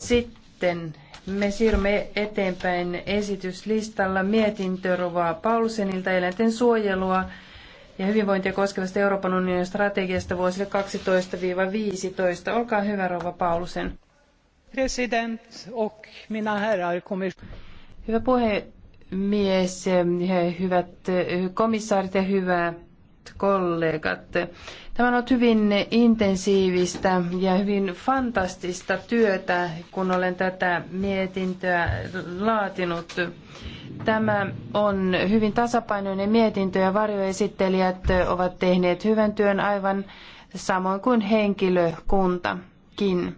Sitten me siirrymme eteenpäin esityslistalla mietintörovaa Paulsenilta eläinten suojelua ja hyvinvointia koskevasta Euroopan unionin strategiasta vuosille 12-15. Olkaa hyvä, Rova Paulsen. President och mina herrar, Hyvä puhemies, hyvät eh, komissaarit ja hyvää kollegat. Tämä on ollut hyvin intensiivistä ja hyvin fantastista työtä, kun olen tätä mietintöä laatinut. Tämä on hyvin tasapainoinen mietintö ja varjoesittelijät ovat tehneet hyvän työn aivan samoin kuin henkilökuntakin.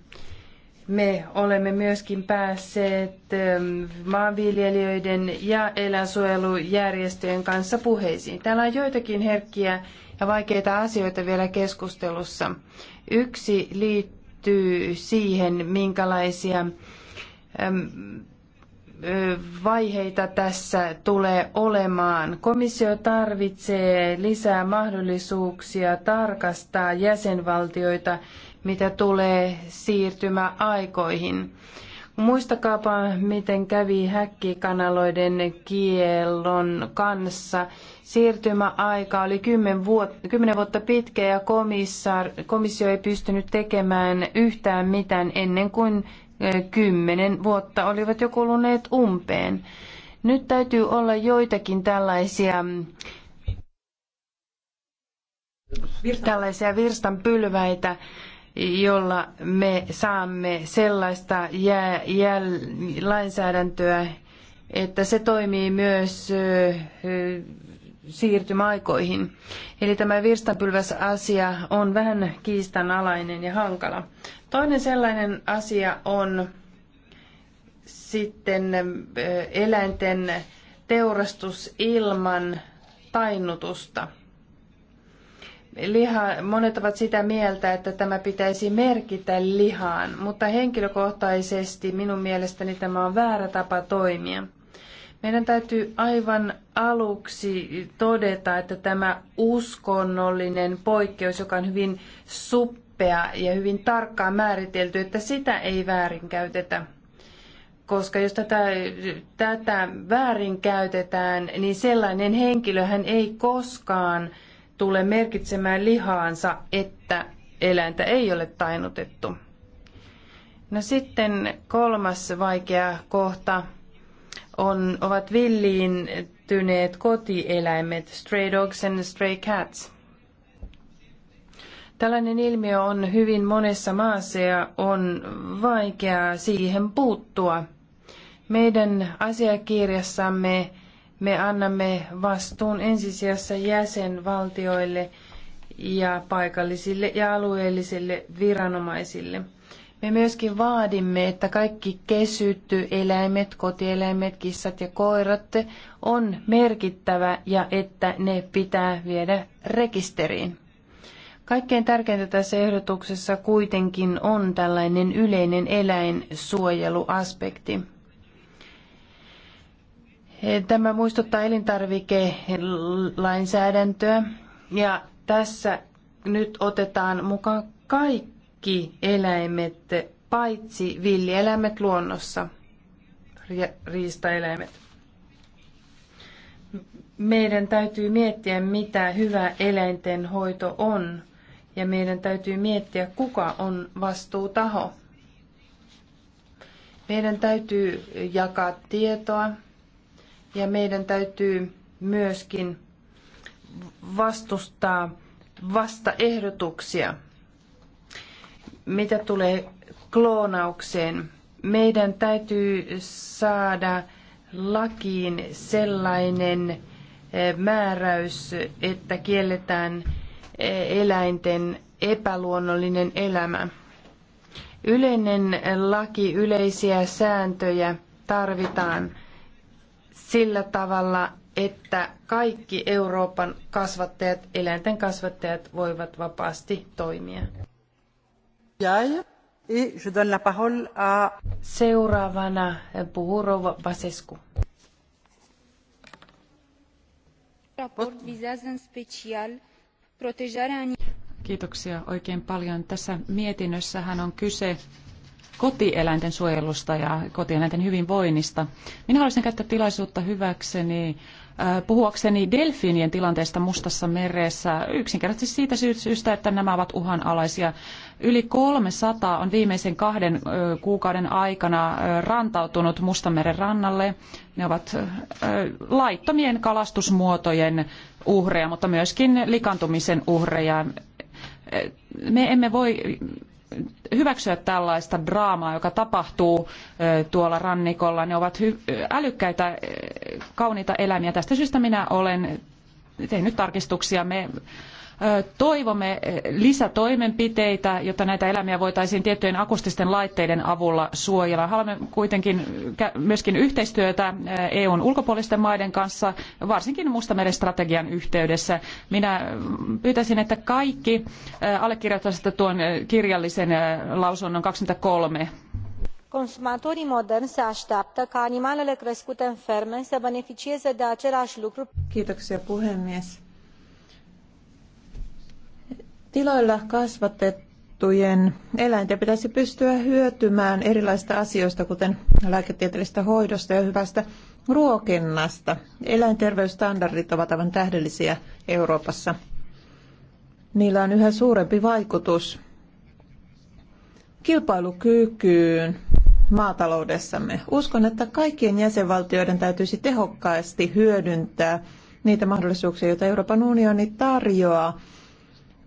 Me olemme myöskin päässeet ähm, maanviljelijöiden ja eläinsuojelujärjestöjen kanssa puheisiin. Täällä on joitakin herkkiä ja vaikeita asioita vielä keskustelussa. Yksi liittyy siihen, minkälaisia ähm, vaiheita tässä tulee olemaan. Komissio tarvitsee lisää mahdollisuuksia tarkastaa jäsenvaltioita mitä tulee siirtymäaikoihin. Muistakaapa, miten kävi häkkikanaloiden kiellon kanssa. Siirtymäaika oli kymmen vuotta, 10 vuotta pitkä ja komissio ei pystynyt tekemään yhtään mitään ennen kuin kymmenen vuotta olivat jo kuluneet umpeen. Nyt täytyy olla joitakin tällaisia tällaisia virstanpylväitä, jolla me saamme sellaista jää, lainsäädäntöä, että se toimii myös siirtymäaikoihin. Eli tämä virstanpylväs asia on vähän kiistanalainen ja hankala. Toinen sellainen asia on sitten eläinten teurastus ilman tainnutusta liha, monet ovat sitä mieltä, että tämä pitäisi merkitä lihaan, mutta henkilökohtaisesti minun mielestäni tämä on väärä tapa toimia. Meidän täytyy aivan aluksi todeta, että tämä uskonnollinen poikkeus, joka on hyvin suppea ja hyvin tarkkaan määritelty, että sitä ei väärinkäytetä. Koska jos tätä, tätä väärinkäytetään, niin sellainen henkilö hän ei koskaan – tule merkitsemään lihaansa, että eläintä ei ole tainnutettu. No sitten kolmas vaikea kohta on, ovat villiintyneet kotieläimet, stray dogs and stray cats. Tällainen ilmiö on hyvin monessa maassa ja on vaikeaa siihen puuttua. Meidän asiakirjassamme me annamme vastuun ensisijassa jäsenvaltioille ja paikallisille ja alueellisille viranomaisille. Me myöskin vaadimme, että kaikki kesytty eläimet, kotieläimet, kissat ja koirat on merkittävä ja että ne pitää viedä rekisteriin. Kaikkein tärkeintä tässä ehdotuksessa kuitenkin on tällainen yleinen eläinsuojeluaspekti. Tämä muistuttaa elintarvikelainsäädäntöä ja tässä nyt otetaan mukaan kaikki eläimet paitsi villieläimet luonnossa, riistaeläimet. Meidän täytyy miettiä, mitä hyvä eläinten hoito on, ja meidän täytyy miettiä, kuka on vastuutaho. Meidän täytyy jakaa tietoa ja meidän täytyy myöskin vastustaa vastaehdotuksia. Mitä tulee kloonaukseen, meidän täytyy saada lakiin sellainen eh, määräys, että kielletään eh, eläinten epäluonnollinen elämä. Yleinen laki, yleisiä sääntöjä tarvitaan sillä tavalla, että kaikki Euroopan kasvattajat, eläinten kasvattajat voivat vapaasti toimia. Seuraavana puhuu rouva Basescu. Kiitoksia oikein paljon. Tässä mietinnössähän on kyse kotieläinten suojelusta ja kotieläinten hyvinvoinnista. Minä haluaisin käyttää tilaisuutta hyväkseni äh, puhuakseni delfiinien tilanteesta Mustassa meressä yksinkertaisesti siitä syystä, että nämä ovat uhanalaisia. Yli 300 on viimeisen kahden äh, kuukauden aikana äh, rantautunut Mustanmeren rannalle. Ne ovat laittomien kalastusmuotojen uhreja, mutta myöskin likantumisen uhreja. Me emme voi hyväksyä tällaista draamaa, joka tapahtuu tuolla rannikolla. Ne ovat älykkäitä, kauniita eläimiä. Tästä syystä minä olen tehnyt tarkistuksia. Me toivomme lisätoimenpiteitä, jotta näitä eläimiä voitaisiin tiettyjen akustisten laitteiden avulla suojella. Haluamme kuitenkin myöskin yhteistyötä EUn ulkopuolisten maiden kanssa, varsinkin Mustameren strategian yhteydessä. Minä pyytäisin, että kaikki allekirjoittaisivat tuon kirjallisen lausunnon 23 consumatorii moderni se așteaptă ca animalele crescute în ferme să beneficieze de același lucru. Kiitoksia puhemies. Tiloilla kasvatettujen eläinten pitäisi pystyä hyötymään erilaisista asioista, kuten lääketieteellisestä hoidosta ja hyvästä ruokinnasta. Eläinterveysstandardit ovat aivan tähdellisiä Euroopassa. Niillä on yhä suurempi vaikutus kilpailukykyyn maataloudessamme. Uskon, että kaikkien jäsenvaltioiden täytyisi tehokkaasti hyödyntää niitä mahdollisuuksia, joita Euroopan unioni tarjoaa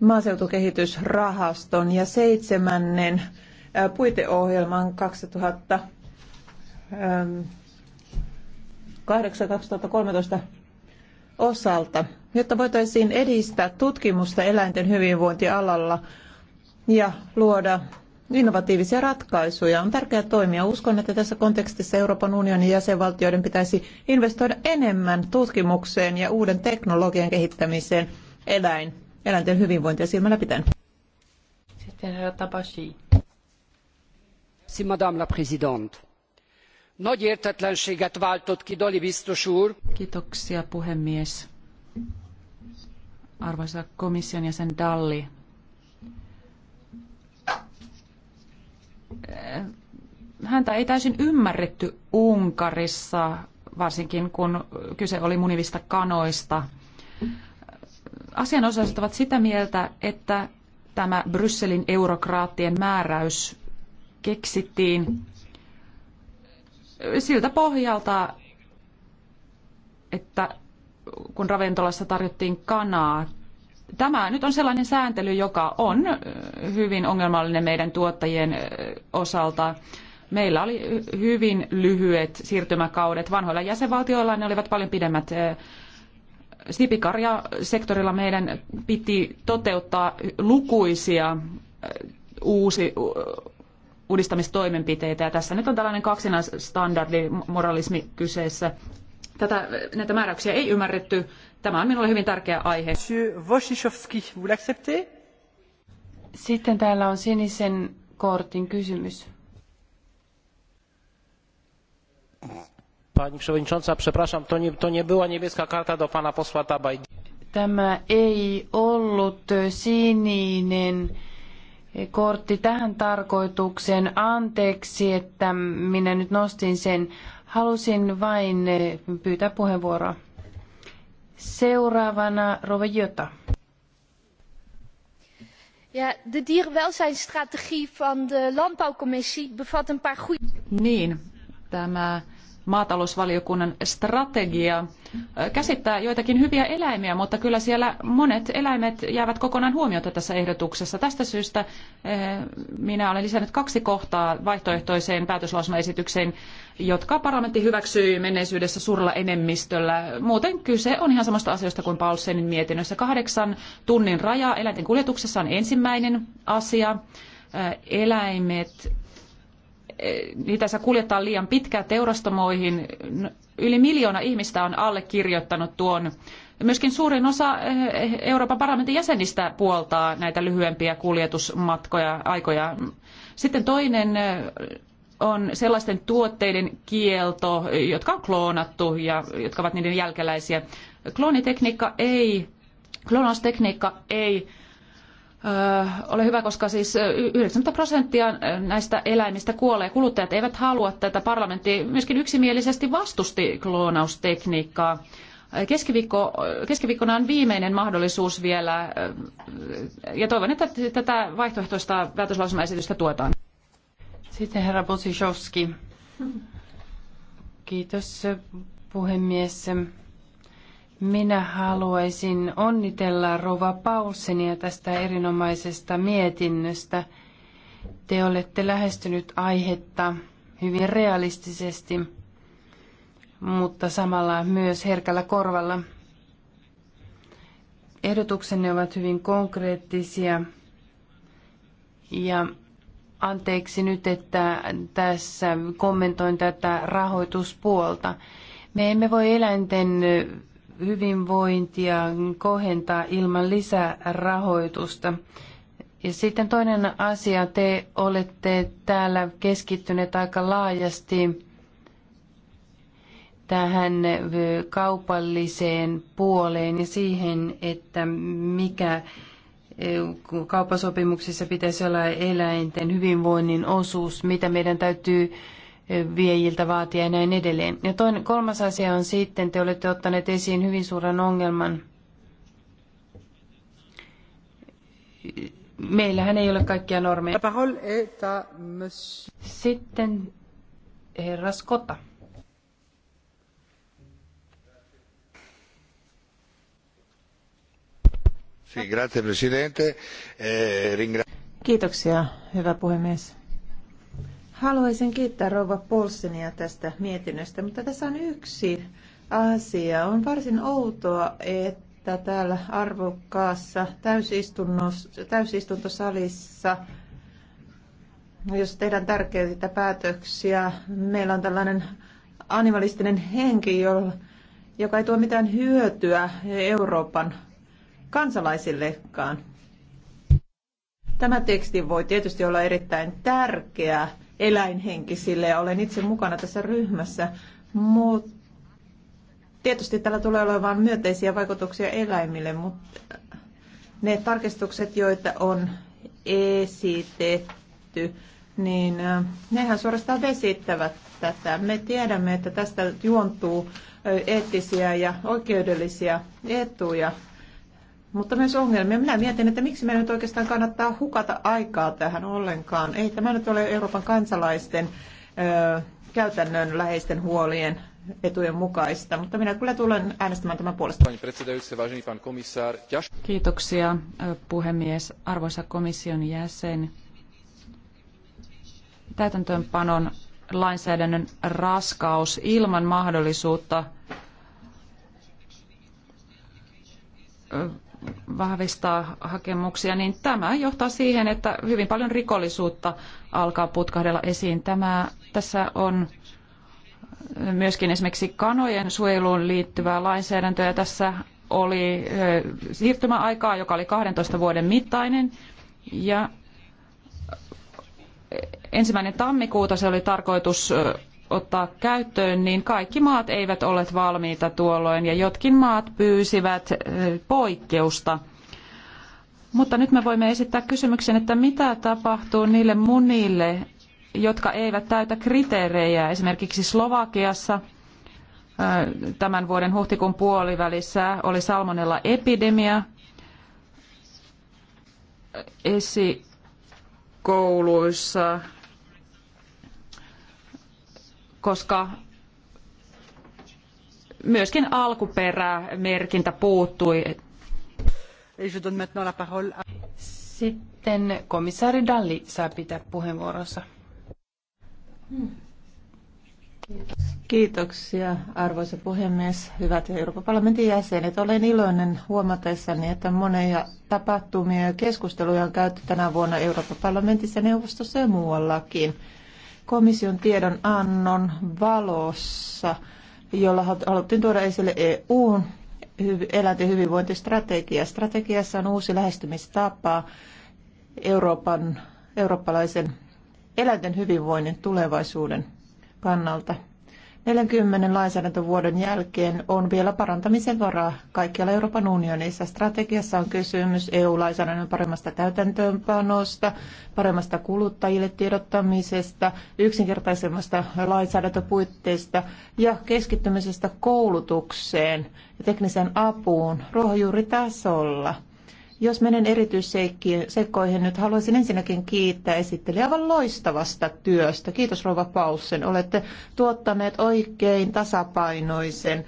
maaseutukehitysrahaston ja seitsemännen puiteohjelman 2000 2008-2013 osalta, jotta voitaisiin edistää tutkimusta eläinten hyvinvointialalla ja luoda innovatiivisia ratkaisuja. On tärkeää toimia. Uskon, että tässä kontekstissa Euroopan unionin jäsenvaltioiden pitäisi investoida enemmän tutkimukseen ja uuden teknologian kehittämiseen eläinten eläinten hyvinvointia silmällä pitäen. Sitten herra Tabashi. Si, madame la présidente. Nagy értetlenséget váltott ki Dali biztos úr. Kiitoksia puhemies. Arvoisa komission jäsen Dalli. Eh, häntä ei täysin ymmärretty Unkarissa, varsinkin kun kyse oli munivista kanoista asianosaiset ovat sitä mieltä, että tämä Brysselin eurokraattien määräys keksittiin siltä pohjalta, että kun ravintolassa tarjottiin kanaa, tämä nyt on sellainen sääntely, joka on hyvin ongelmallinen meidän tuottajien osalta. Meillä oli hyvin lyhyet siirtymäkaudet. Vanhoilla jäsenvaltioilla ne olivat paljon pidemmät Sipikarja-sektorilla meidän piti toteuttaa lukuisia äh, uusi, uudistamistoimenpiteitä. Ja tässä nyt on tällainen kaksinaisstandardi, moralismi kyseessä. Tätä, näitä määräyksiä ei ymmärretty. Tämä on minulle hyvin tärkeä aihe. Monsieur vous Sitten täällä on sinisen kortin kysymys. Mm pani przewodnicząca przepraszam to nie, to nie była niebieska karta do pana posła Tabajdi. Tämä ei ollut sininen kortti tähän tarkoitukseen. Anteeksi, että minä nyt nostin sen. Halusin vain eh, pyytää puheenvuoroa. Seuraavana Rova Jota. Ja, de dierenwelzijnstrategie van de landbouwcommissie bevat een paar goede... Niin, tämä maatalousvaliokunnan strategia käsittää joitakin hyviä eläimiä, mutta kyllä siellä monet eläimet jäävät kokonaan huomiota tässä ehdotuksessa. Tästä syystä minä olen lisännyt kaksi kohtaa vaihtoehtoiseen päätöslausumaesitykseen, jotka parlamentti hyväksyi menneisyydessä suurella enemmistöllä. Muuten kyse on ihan samasta asiasta kuin Paulsenin mietinnössä. Kahdeksan tunnin raja eläinten kuljetuksessa on ensimmäinen asia. Eläimet niitä saa kuljettaa liian pitkään teurastamoihin. Yli miljoona ihmistä on allekirjoittanut tuon. Myöskin suurin osa eh, Euroopan parlamentin jäsenistä puoltaa näitä lyhyempiä kuljetusmatkoja, aikoja. Sitten toinen eh, on sellaisten tuotteiden kielto, jotka on kloonattu ja jotka ovat niiden jälkeläisiä. Kloonitekniikka ei, kloonaustekniikka ei ole hyvä, koska siis 90 prosenttia näistä eläimistä kuolee. Kuluttajat eivät halua tätä. Parlamentti myöskin yksimielisesti vastusti kloonaustekniikkaa. Keskiviikko, keskiviikkona on viimeinen mahdollisuus vielä, ja toivon, että tätä vaihtoehtoista päätöslausumaesitystä tuetaan. Sitten herra Bosishowski. Kiitos puhemies. Minä haluaisin onnitella Rova Paulsenia tästä erinomaisesta mietinnöstä. Te olette lähestynyt aihetta hyvin realistisesti, mutta samalla myös herkällä korvalla. Ehdotuksenne ovat hyvin konkreettisia ja anteeksi nyt, että tässä kommentoin tätä rahoituspuolta. Me emme voi eläinten hyvinvointia kohentaa ilman lisärahoitusta. Ja sitten toinen asia, te olette täällä keskittyneet aika laajasti tähän kaupalliseen puoleen ja siihen, että mikä eh, kauppasopimuksissa pitäisi olla eläinten hyvinvoinnin osuus, mitä meidän täytyy viejiltä vaatia ja näin edelleen. Ja toinen, kolmas asia on sitten, te olette ottaneet esiin hyvin suuren ongelman. Meillähän ei ole kaikkia normeja. Sitten herra Skota. Eh, Kiitoksia, hyvä puhemies. Haluaisin kiittää rouva Polssinia tästä mietinnöstä, mutta tässä on yksi asia. On varsin outoa, että täällä arvokkaassa täysistuntosalissa, jos tehdään tärkeitä päätöksiä, meillä on tällainen animalistinen henki, jolla joka ei tuo mitään hyötyä Euroopan kansalaisillekaan. Tämä teksti voi tietysti olla erittäin tärkeä eläinhenkisille ja olen itse mukana tässä ryhmässä, mutta tietysti tällä tulee olemaan myönteisiä vaikutuksia eläimille, mutta äh, ne tarkistukset, joita on esitetty, niin äh, nehän suorastaan vesittävät tätä. Me tiedämme, että tästä juontuu äh, eettisiä ja oikeudellisia etuja mutta myös ongelmia. Minä mietin, että miksi meidän nyt oikeastaan kannattaa hukata aikaa tähän ollenkaan. Ei tämä nyt ole Euroopan kansalaisten ö, käytännön läheisten huolien etujen mukaista, mutta minä kyllä tulen äänestämään tämän puolesta. Kiitoksia puhemies, arvoisa komission jäsen. Täytäntöönpanon lainsäädännön raskaus ilman mahdollisuutta vahvistaa hakemuksia, niin tämä johtaa siihen, että hyvin paljon rikollisuutta alkaa putkahdella esiin. Tämä, tässä on myöskin esimerkiksi kanojen suojeluun liittyvää lainsäädäntöä. Ja tässä oli siirtymäaikaa, joka oli 12 vuoden mittainen. Ja ensimmäinen tammikuuta se oli tarkoitus ottaa käyttöön, niin kaikki maat eivät olleet valmiita tuolloin ja jotkin maat pyysivät eh, poikkeusta. Mutta nyt me voimme esittää kysymyksen, että mitä tapahtuu niille munille, jotka eivät täytä kriteerejä. Esimerkiksi Slovakiassa eh, tämän vuoden huhtikuun puolivälissä oli salmonella epidemia. Eh, esikouluissa koska myöskin alkuperämerkintä puuttui. Sitten komissaari Dalli saa pitää puheenvuoronsa. Kiitoksia arvoisa puhemies, hyvät Euroopan parlamentin jäsenet. Olen iloinen huomatessani, että monia tapahtumia ja keskusteluja on käyty tänä vuonna Euroopan parlamentissa, neuvostossa ja muuallakin komission tiedonannon valossa, jolla haluttiin tuoda esille EUn eläinten hyvinvointistrategia. Strategiassa on uusi lähestymistapa Euroopan, eurooppalaisen eläinten hyvinvoinnin tulevaisuuden kannalta. 40 lainsäädäntövuoden jälkeen on vielä parantamisen varaa kaikkialla Euroopan unionissa. Strategiassa on kysymys EU-lainsäädännön paremmasta täytäntöönpanosta, paremmasta kuluttajille tiedottamisesta, yksinkertaisemmasta lainsäädäntöpuitteista ja keskittymisestä koulutukseen ja tekniseen apuun ruohonjuuritasolla – jos menen erityisseikkoihin nyt, haluaisin ensinnäkin kiittää esittelijä aivan loistavasta työstä. Kiitos Rova Paussen. Olette tuottaneet oikein tasapainoisen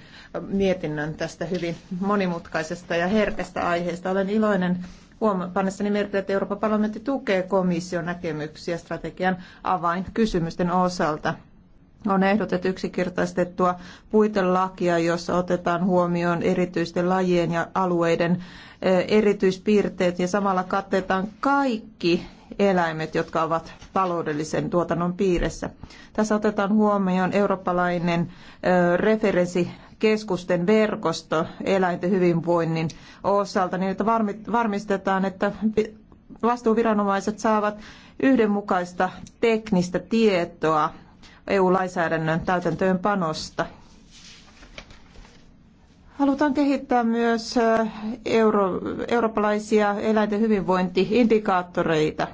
mietinnön tästä hyvin monimutkaisesta ja herkästä aiheesta. Olen iloinen huomannessani merkille, että Euroopan parlamentti tukee komission näkemyksiä strategian avainkysymysten osalta on ehdotettu yksinkertaistettua puitelakia, jossa otetaan huomioon erityisten lajien ja alueiden e, erityispiirteet ja samalla katetaan kaikki eläimet, jotka ovat taloudellisen tuotannon piirissä. Tässä otetaan huomioon eurooppalainen e, referenssikeskusten verkosto eläinten hyvinvoinnin osalta, niin että varmistetaan, että vastuuviranomaiset saavat yhdenmukaista teknistä tietoa EU-lainsäädännön täytäntöönpanosta. Halutaan kehittää myös euro, eurooppalaisia eläinten hyvinvointiindikaattoreita.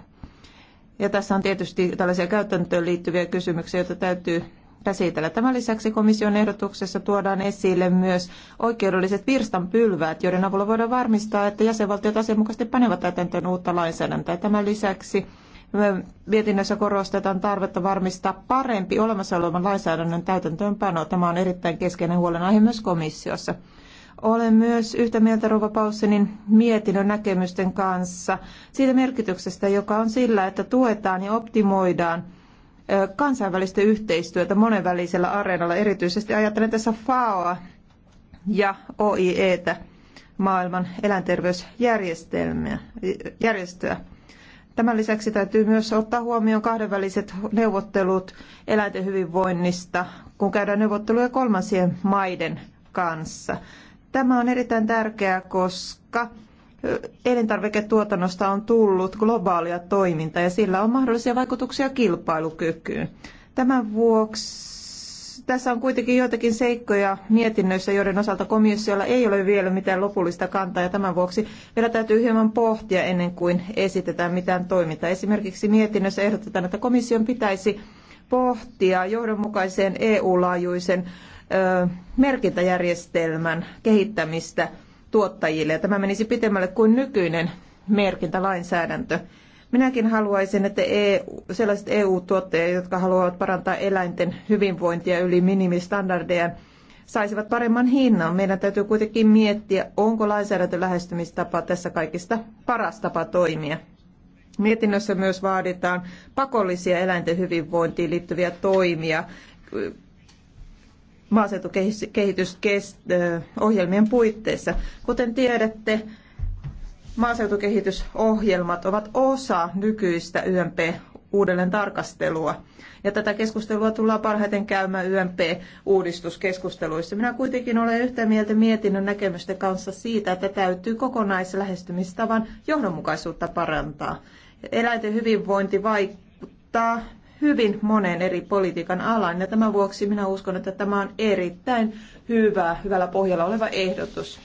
Ja tässä on tietysti tällaisia käytäntöön liittyviä kysymyksiä, joita täytyy käsitellä. Tämän lisäksi komission ehdotuksessa tuodaan esille myös oikeudelliset virstanpylväät, joiden avulla voidaan varmistaa, että jäsenvaltiot asianmukaisesti panevat täytäntöön uutta lainsäädäntöä. Tämän lisäksi Mietinnössä korostetaan tarvetta varmistaa parempi olemassa olevan lainsäädännön täytäntöönpano. Tämä on erittäin keskeinen huolenaihe myös komissiossa. Olen myös yhtä mieltä Rova Paussenin mietinnön näkemysten kanssa siitä merkityksestä, joka on sillä, että tuetaan ja optimoidaan kansainvälistä yhteistyötä monenvälisellä areenalla, erityisesti ajattelen tässä FAOa ja OIEtä, maailman eläinterveysjärjestöä. Järjestöä. Tämän lisäksi täytyy myös ottaa huomioon kahdenväliset neuvottelut eläinten hyvinvoinnista, kun käydään neuvotteluja kolmansien maiden kanssa. Tämä on erittäin tärkeää, koska elintarviketuotannosta on tullut globaalia toimintaa ja sillä on mahdollisia vaikutuksia kilpailukykyyn. Tämän vuoksi tässä on kuitenkin joitakin seikkoja mietinnöissä, joiden osalta komissiolla ei ole vielä mitään lopullista kantaa, ja tämän vuoksi vielä täytyy hieman pohtia ennen kuin esitetään mitään toimintaa. Esimerkiksi mietinnössä ehdotetaan, että komission pitäisi pohtia johdonmukaisen EU-laajuisen merkintäjärjestelmän kehittämistä tuottajille. Ja tämä menisi pitemmälle kuin nykyinen merkintälainsäädäntö. Minäkin haluaisin, että EU, sellaiset EU-tuottajat, jotka haluavat parantaa eläinten hyvinvointia yli minimistandardeja, saisivat paremman hinnan. Meidän täytyy kuitenkin miettiä, onko lainsäädäntölähestymistapa tässä kaikista paras tapa toimia. Mietinnössä myös vaaditaan pakollisia eläinten hyvinvointiin liittyviä toimia maaseutukehitysohjelmien puitteissa. Kuten tiedätte, maaseutukehitysohjelmat ovat osa nykyistä YMP uudelleen tarkastelua. Ja tätä keskustelua tullaan parhaiten käymään YMP-uudistuskeskusteluissa. Minä kuitenkin olen yhtä mieltä mietinnön näkemysten kanssa siitä, että täytyy kokonaislähestymistavan johdonmukaisuutta parantaa. Eläinten hyvinvointi vaikuttaa hyvin monen eri politiikan alaan. ja tämän vuoksi minä uskon, että tämä on erittäin hyvä, hyvällä pohjalla oleva ehdotus.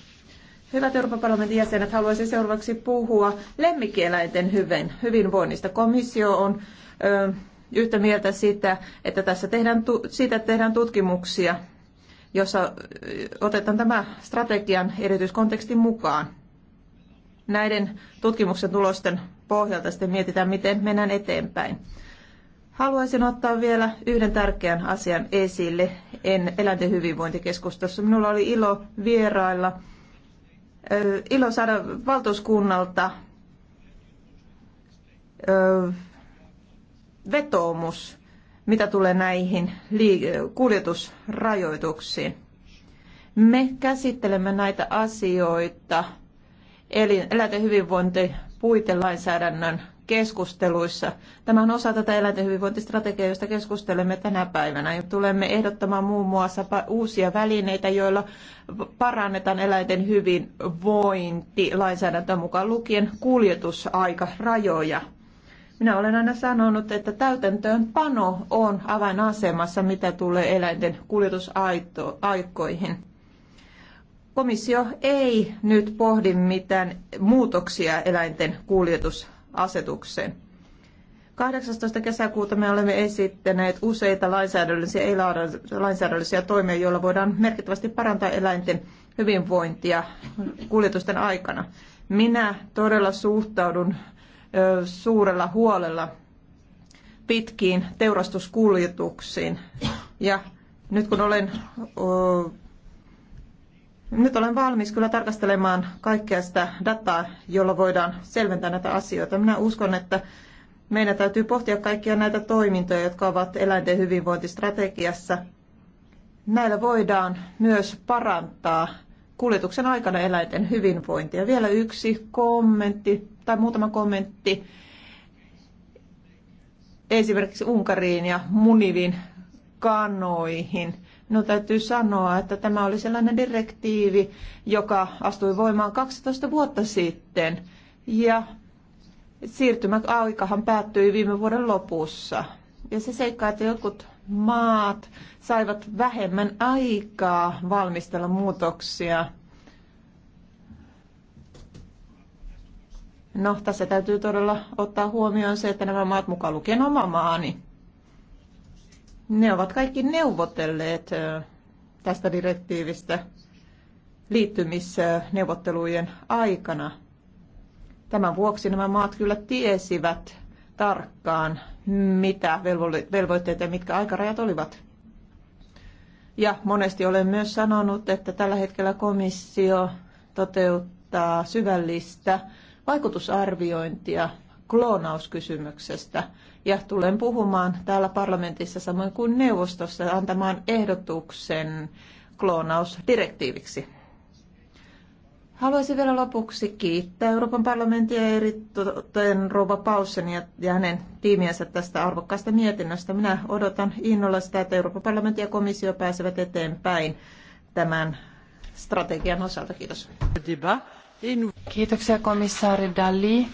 Hyvät Euroopan parlamentin jäsenet, haluaisin seuraavaksi puhua lemmikieläinten hyvin, hyvinvoinnista. Komissio on ö, yhtä mieltä siitä, että tässä tehdään, siitä tehdään tutkimuksia, jossa otetaan tämä strategian erityiskontekstin mukaan. Näiden tutkimuksen tulosten pohjalta sitten mietitään, miten mennään eteenpäin. Haluaisin ottaa vielä yhden tärkeän asian esille en eläinten hyvinvointikeskustelussa. Minulla oli ilo vierailla ilo saada valtuuskunnalta vetoomus, mitä tulee näihin kuljetusrajoituksiin. Me käsittelemme näitä asioita eli eläinten hyvinvointi puitelainsäädännön keskusteluissa. Tämä on osa tätä eläinten hyvinvointistrategiaa, josta keskustelemme tänä päivänä. Ja tulemme ehdottamaan muun muassa uusia välineitä, joilla parannetaan eläinten hyvinvointi lainsäädäntö mukaan lukien kuljetusaikarajoja. Minä olen aina sanonut, että täytäntöönpano on avainasemassa, mitä tulee eläinten kuljetusaikoihin komissio ei nyt pohdi mitään muutoksia eläinten kuljetus asetukseen. 18. kesäkuuta me olemme esittäneet useita lainsäädännöllisiä ei-lainsäädännöllisiä toimia, joilla voidaan merkittävästi parantaa eläinten hyvinvointia kuljetusten aikana. Minä todella suhtaudun suurella huolella pitkiin teurastuskuljetuksiin. Ja nyt kun olen nyt olen valmis kyllä tarkastelemaan kaikkea sitä dataa, jolla voidaan selventää näitä asioita. Minä uskon, että meidän täytyy pohtia kaikkia näitä toimintoja, jotka ovat eläinten hyvinvointistrategiassa. Näillä voidaan myös parantaa kuljetuksen aikana eläinten hyvinvointia. Vielä yksi kommentti tai muutama kommentti esimerkiksi Unkariin ja Munivin kanoihin. No täytyy sanoa, että tämä oli sellainen direktiivi, joka astui voimaan 12 vuotta sitten. Ja siirtymäaikahan päättyi viime vuoden lopussa. Ja se seikka, että jotkut maat saivat vähemmän aikaa valmistella muutoksia. No, tässä täytyy todella ottaa huomioon se, että nämä maat mukaan lukien oma maani ne ovat kaikki neuvotelleet tästä direktiivistä liittymisneuvottelujen aikana. Tämän vuoksi nämä maat kyllä tiesivät tarkkaan, mitä velvoitteet ja mitkä aikarajat olivat. Ja monesti olen myös sanonut, että tällä hetkellä komissio toteuttaa syvällistä vaikutusarviointia kloonauskysymyksestä ja tulen puhumaan täällä parlamentissa samoin kuin neuvostossa antamaan ehdotuksen kloonausdirektiiviksi. Haluaisin vielä lopuksi kiittää Euroopan parlamenttia erittäin Rova Paulsen ja, hänen tiimiensä tästä arvokkaasta mietinnöstä. Minä odotan innolla sitä, että Euroopan parlamentti ja komissio pääsevät eteenpäin tämän strategian osalta. Kiitos. Kiitoksia komissaari Dalli.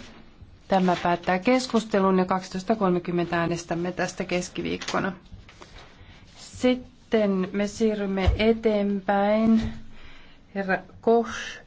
Tämä päättää keskustelun ja 12.30 äänestämme tästä keskiviikkona. Sitten me siirrymme eteenpäin. Herra Koch